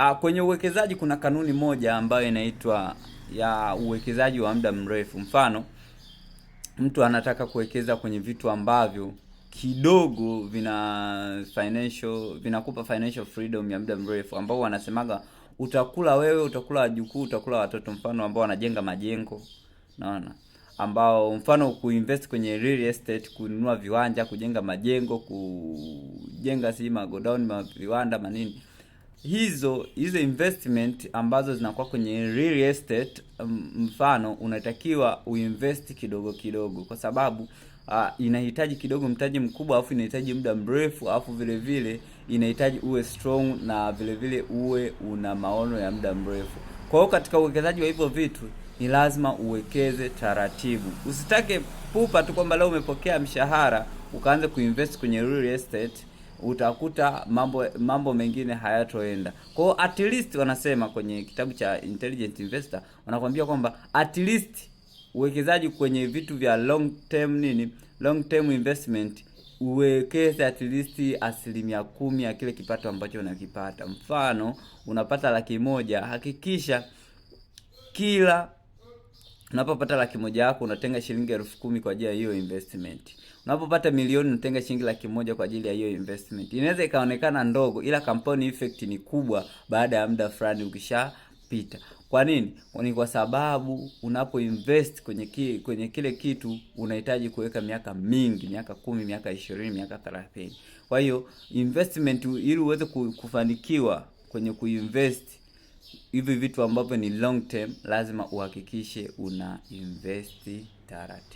Uh, kwenye uwekezaji kuna kanuni moja ambayo inaitwa ya uwekezaji wa muda mrefu. Mfano, mtu anataka kuwekeza kwenye vitu ambavyo kidogo vina financial vinakupa financial freedom ya muda mrefu, ambao wanasemaga utakula wewe, utakula wajukuu, utakula watoto, mfano ambao wanajenga majengo, naona ambao mfano kuinvest kwenye real estate, kununua viwanja, kujenga majengo, kujenga si magodown, ma viwanda, manini hizo hizo investment ambazo zinakuwa kwenye real estate, um, mfano unatakiwa uinvest kidogo kidogo, kwa sababu uh, inahitaji kidogo mtaji mkubwa, alafu inahitaji muda mrefu, alafu vile vile inahitaji uwe strong na vile vile uwe una maono ya muda mrefu. Kwa hiyo katika uwekezaji wa hivyo vitu ni lazima uwekeze taratibu, usitake pupa tu kwamba leo umepokea mshahara ukaanze kuinvest kwenye real estate utakuta mambo mambo mengine hayatoenda. Kwa hiyo at least wanasema kwenye kitabu cha Intelligent Investor wanakuambia kwamba at least uwekezaji kwenye vitu vya long term nini, long term investment uwekeze at least asilimia kumi ya kile kipato ambacho unakipata. Mfano unapata laki moja, hakikisha kila Unapopata laki moja yako unatenga shilingi elfu kumi kwa ajili ya hiyo investment. Unapopata milioni unatenga shilingi laki moja kwa ajili ya hiyo investment. Inaweza ikaonekana ndogo, ila compound effect ni kubwa baada ya muda fulani ukishapita. Kwa nini? Ni kwa sababu unapo invest kwenye ki, kwenye kile kitu unahitaji kuweka miaka mingi, miaka kumi, miaka ishirini, miaka thelathini. Kwa hiyo investment, ili uweze kufanikiwa kwenye kuinvest hivi vitu ambavyo ni long term lazima uhakikishe una invest taratibu.